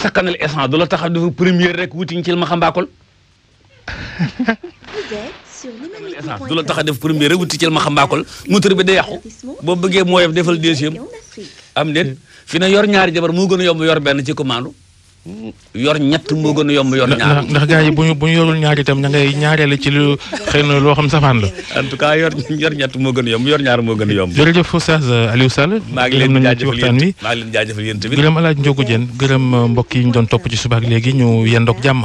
sakkanal essence du la taxa dafa première rek wuti ci ma xambaakol. essence du la tax def première rek wuti ci ma xambaakol moteur bi day yàqu boo bëggee moo yef defal deuxième am déet fi na yor ñaari jabar moo gën a yomb yor benn ci commande. yor ñett moo gën a yomb yor ñaar ndax yi bu ñu bu ñu yorul ñaar itam da ngay ñaareele ci lu xëy na loo xam safaan la en tout cas yor yor ñett moo gën a yomb yor ñaar moo gën a jërëjëf Oustaz Aliou Sall maa ngi leen nañu ci waxtaan wi maa ngi leen jaajëfal yéen tamit gërëm alaaj Njogu gërëm euh, mbokk yi ñu doon topp ci subaak léegi ñu yendoog jàmm